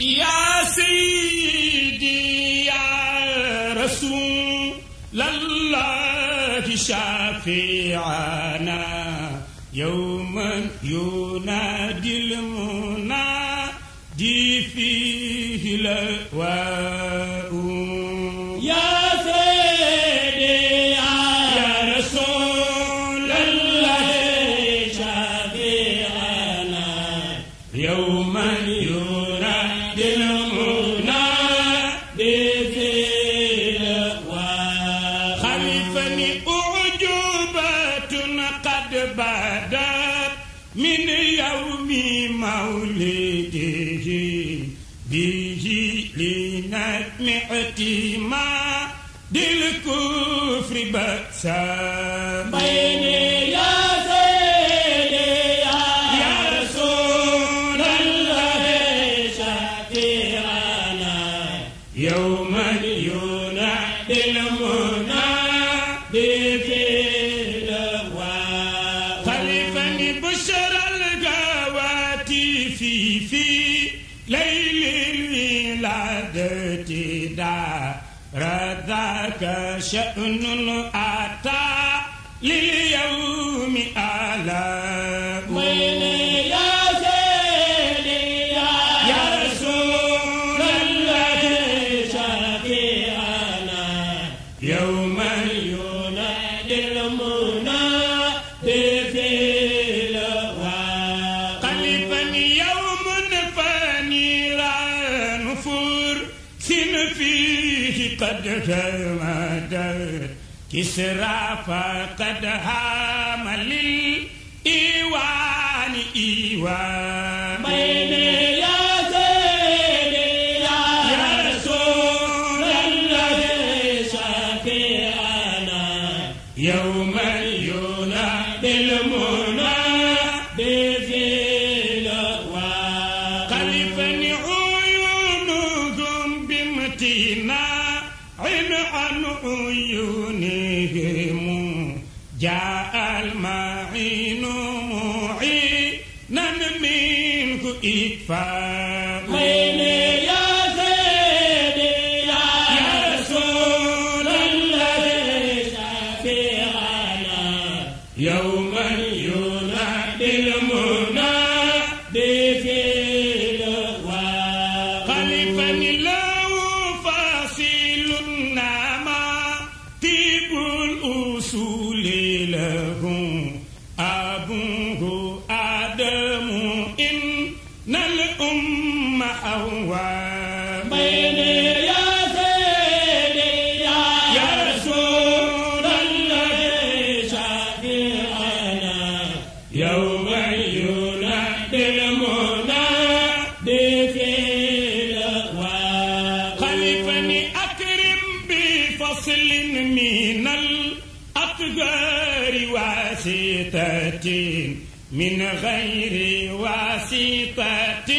yaa seydi yaa rasuulallahi shafiana yawman yunaadil munaadi fiihi la waa قد بدت من يوم مولده به لنتمعت ما دي الكفر بأسات ذاك شأن أتى لليوم أتى كسرى فقد هام للإيوان إيوان yawma واصل من الأطجار واسطة من غير واسطة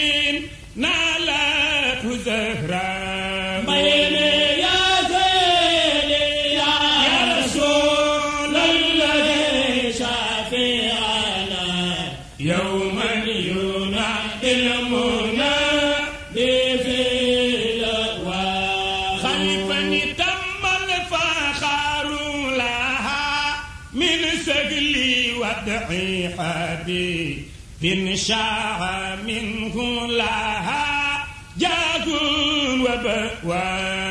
إن شاء منكم لها جاكم وبواب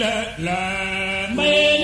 la la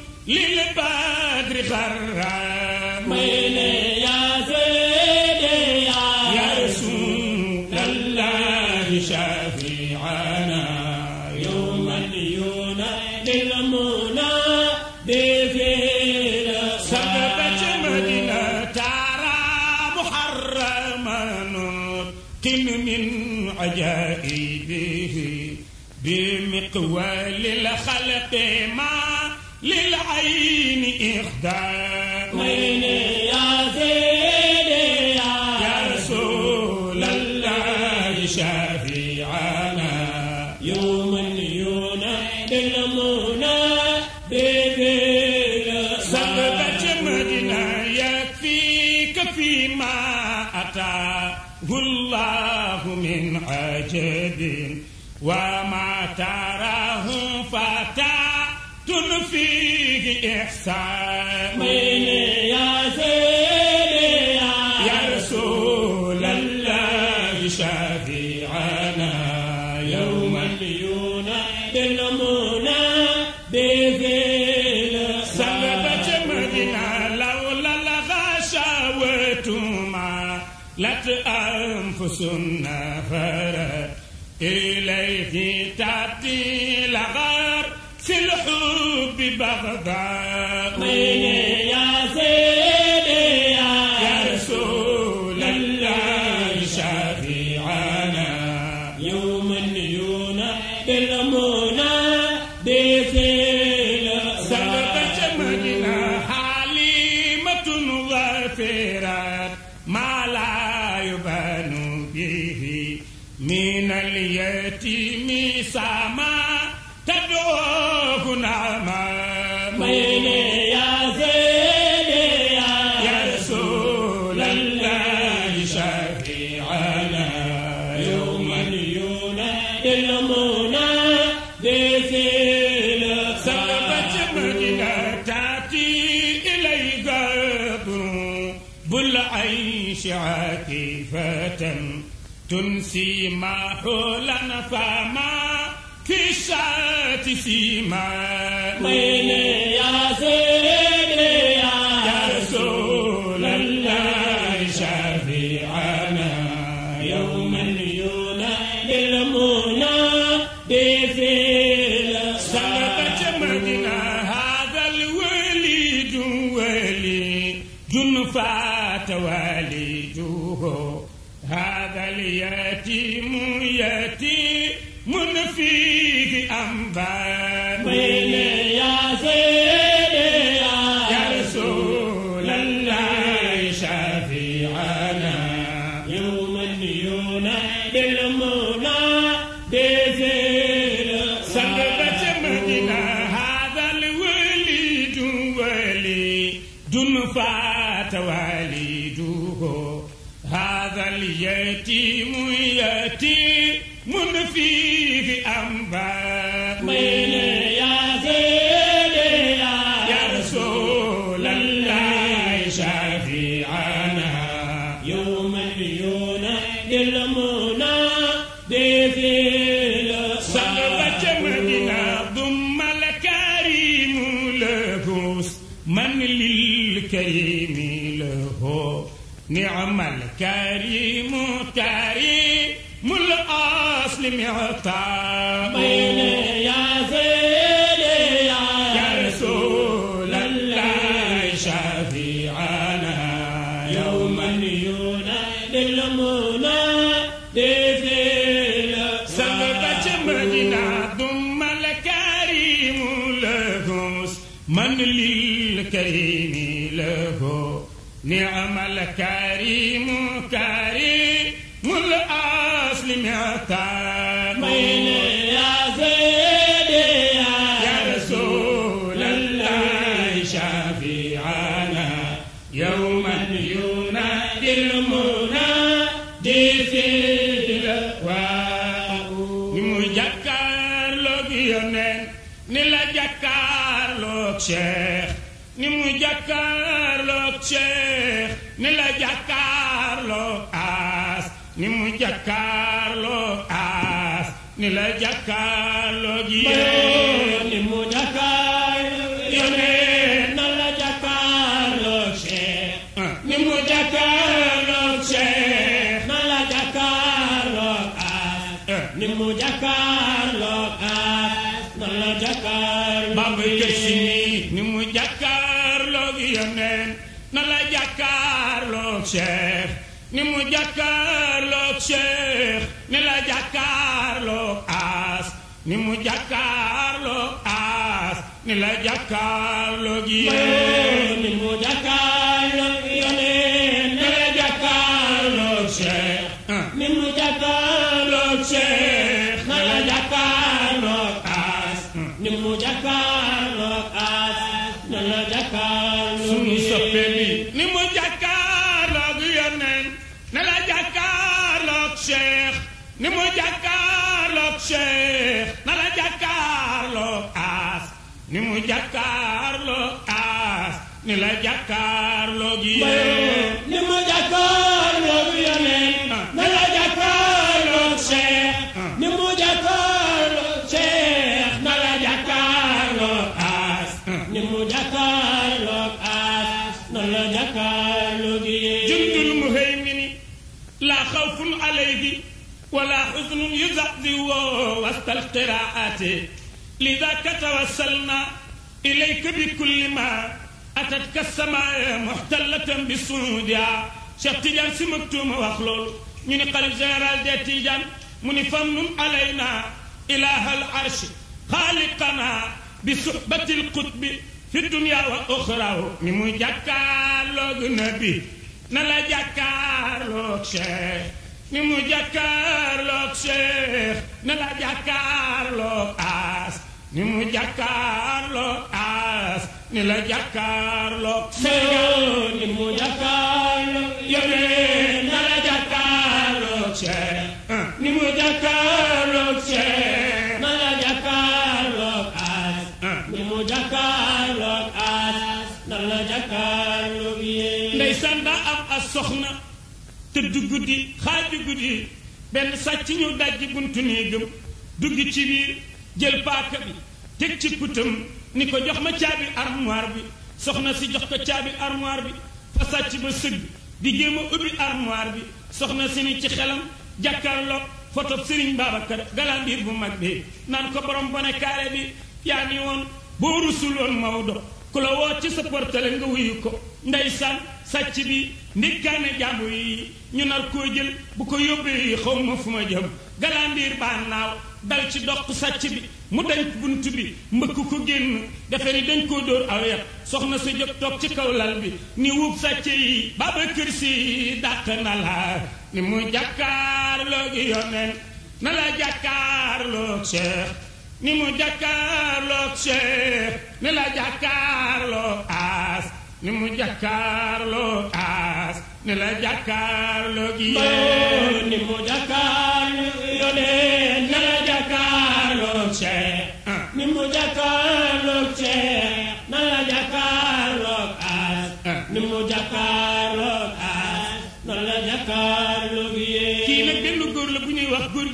lii la badri xarra may ne yaa seede yaa rasuulallahi shafi'ana yawman yunadi al-muna defeela sadabat madina tara muharraman qim min ajaibihi bi miqwalil xalqi ma للعين إخدام وين يا زيد يا رسول الله شفيعنا يوم ينادي المنى بذل سببة مدينة يكفيك فيما أتى الله من عجب وما تراه فتى كن فيه إحسان ويلي يا سيدي يا رسول الله شفيعنا يوما ليونى بالمنى بذل سلبت مدينة لولا لغشاوتما لت أنفسنا فرت إليه تاب ببغداد بل عيش عاكفة تنسي ما حولنا فما في الشات سيما ويلي يا سيدي يتيم يتيم فيك أنباني jëlamo الكريم له نعم الكريم كريم الأصل معتان من يا زيد يا رسول الله شفيعنا يوما ينادي المنادي في الواو بمجكر لوك يونين نلا جكر لوك شيخ ni mu jàkkaarloo Cheikh ni la jàkkaarloo aas ni mu jàkkaarloo aas ni la jàkkaarloo gi yéen ni mu jàkkaarloo yéen Cheikh ni mu jàkkaarloog Cheikh ni la jàkkaarloog aas ni mu jàkkaarloog aas ni la jàkkaarloog yéen ni mu jàkkaarloog yoneen ni la jàkkaarloog Cheikh ni mu jàkkaarloog Cheikh ni la jàkkaarloog yéen ni ma jàkkaarloog yoneen ah. ah. ni la jàkkaarloog Cheikh ah. ni mu jàkkaarloog Cheikh ni la jàkkaarloog As ni mu jàkkaarloog As ni la jàkkaarloog yéen jundul muhaymini laa xawfun alayhi wala xuznun yuzahziwo wastal qiraati lidaka tawassalna ilayka bi kulli ma atat ka samaaya muxtallatan bi suudiha Cheikh Tidiane si maktuuma wax loolu ñu ni xalif général de Tidiane mu ni famnun alayna ilaha al arshi xaaliqana bi suhbati l qutbi fi dunya wa oxrahu ni muy jàkkaarloog nabi na la jàkkaarloog cheikh ni mu jàkkaarloog cheikh na la jàkkaarloog aas ni mu jàkkaarloog ni la jàkkaarloog Sénégal ni mu jàkkaarloog yónnee na la jàkkaarloog Cheikh ni mu jàkkaarloog Cheikh na la jàkkaarloog As ni mu jàkkaarloog As na la jàkkaarloog yéen ndeysaan daa am as soxna tëdd guddi xaaju guddi benn sàcc ñu dajji buntu néegam dugg ci biir jël paaka bi teg ci kutam ni ko jox ma caabi armoire bi soxna si jox ko caabi armoire bi fa sàcc ba sëgg di jéem a ubbi armoire bi soxna si ni ci xelam jàkkaarloog foto Serigne Babacar galandiir bu mag bi naan ko borom bone kaare bi yaa ni woon boo rusuloon Maodo ku la woo ci sa portale nga wuyu ko ndeysaan sàcc bi ndékkaane jàmbu yi ñu nar koo jël bu ko yóbbee xaw ma fu ma jëm galandiir baa naaw dal ci doq sàcc bi mu denc bunt bi mbëkk ku génn defe ni dañ koo dóor aw soxna su jóg toog ci kaw lal bi ni wuub sàcc yi Babakar Si dàq na la ni mu jàkkaarloo gi yoneen na la jàkkaarloo Cheikh ni mu jàkkaarloo Cheikh ni ni la jàkkaarloo gi yéen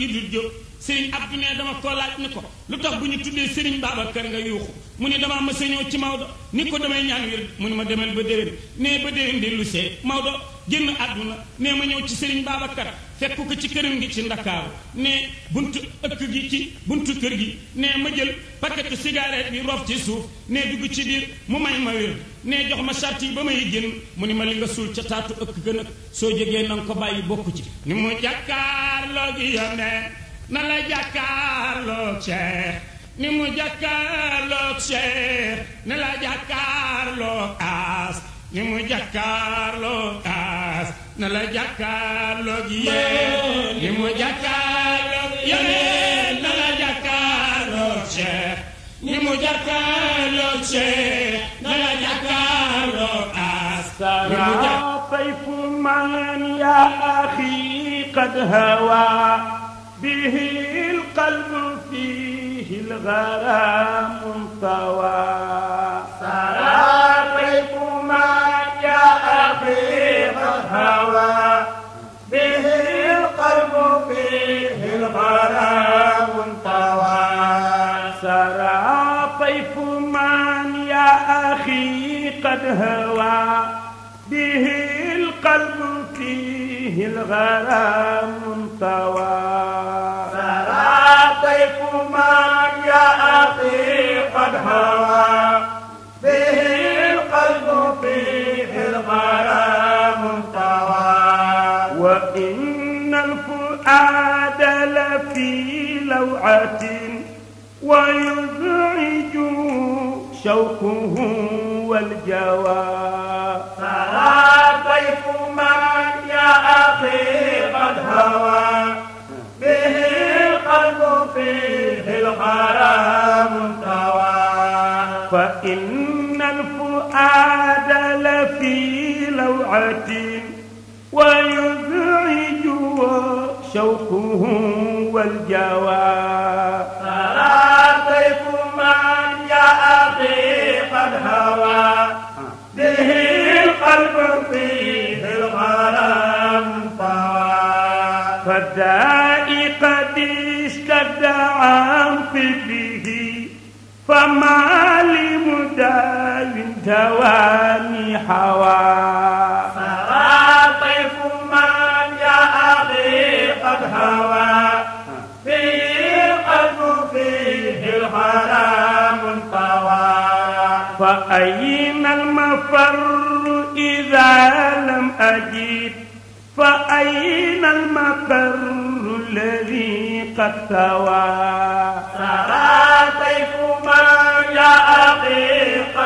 Idris Diop Serigne du ne dama ko laaj ni ko lu tax bu ñu tuddee Serigne Babacar nga yuuxu mu ne dama mës a ñëw ci Maodo ni ko damay ñaan wér mu ne ma demal ba déwén nee ba déwén di lu see Maodo génn àdduna nee ma ñëw ci Serigne Babacar fekk ko ci këram gi ci ndakaaru ne buntu ëkk gi ci buntu kër gi ne ma jël paquetu cigarette bi rof ci suuf nee dugg ci biir mu may ma wér ne jox ma charte yi ba may génn mu ni ma li nga suul ca taatu ëkk gën ak soo jógee na nga ko bàyyi bokk ci ni mu jàkkaarloo gi yoneen na la jàkkaarloo ceex ni mu jàkkaarloo ceex na la jàkkaarloo ni mu jàkkaarloo aas na la jàkkaarloog yéen ni mu jàkkaarloog yéen na la jàkkaarloog Cheikh ni mu jàkkaarloog Cheikh na la jàkkaarloog Asta ni mu jàkkaarloog طيف من يا أخي قد هوى به القلب فيه الغرام طوى الهوى به القلب فيه الغرام طوى سرى طيف من يا أخي قد هوى به القلب فيه الغرام طوى سرى طيف من يا أخي قد هوى ويزعج شوكه والجوى سرى طيف من يا أخي قد هوى به القلب فيه الغرام توى فإن الفؤاد لفي لوعة ويزعج شوكه والجوى هوى سراطيف من يا أخي قد هوى فيه القلب فيه الغرام طوى فأين المفر إذا لم أجد فأين المفر الذي قد ثوى سراطيف من يا أخي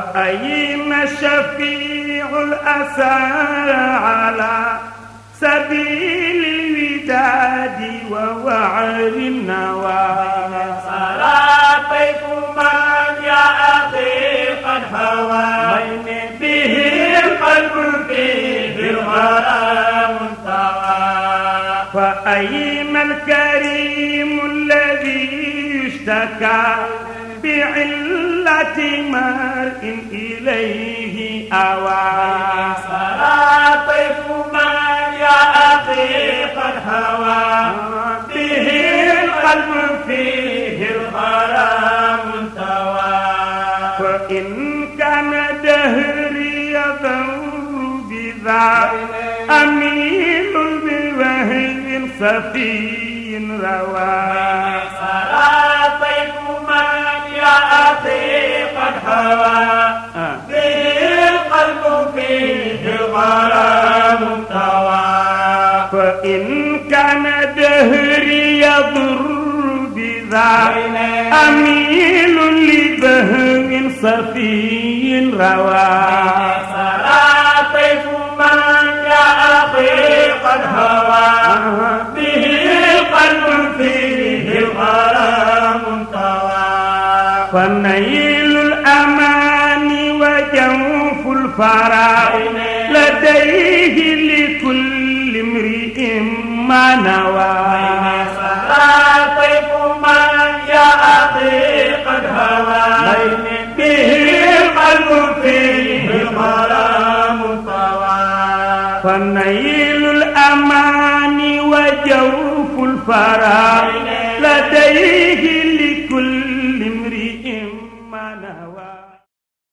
فأين شفيع الأسى على سبيل الوداد ووعر النوى صلاتكما يا أخي قد هوى من به القلب فيه الغرى منتوى فأين الكريم الذي اشتكى بعلة مرء إليه أوى سلاطف ما يا أخي قد هوى به القلب فيه الغرام انتوى فإن كان دهري يضر بذا أميل بوهي صفي روى إن كان دهري يضر بذا أميل لبهو صفي روى سرى طيف من يا أخي قد هوى به قلب فيه الغرام طوى فالنيل نوى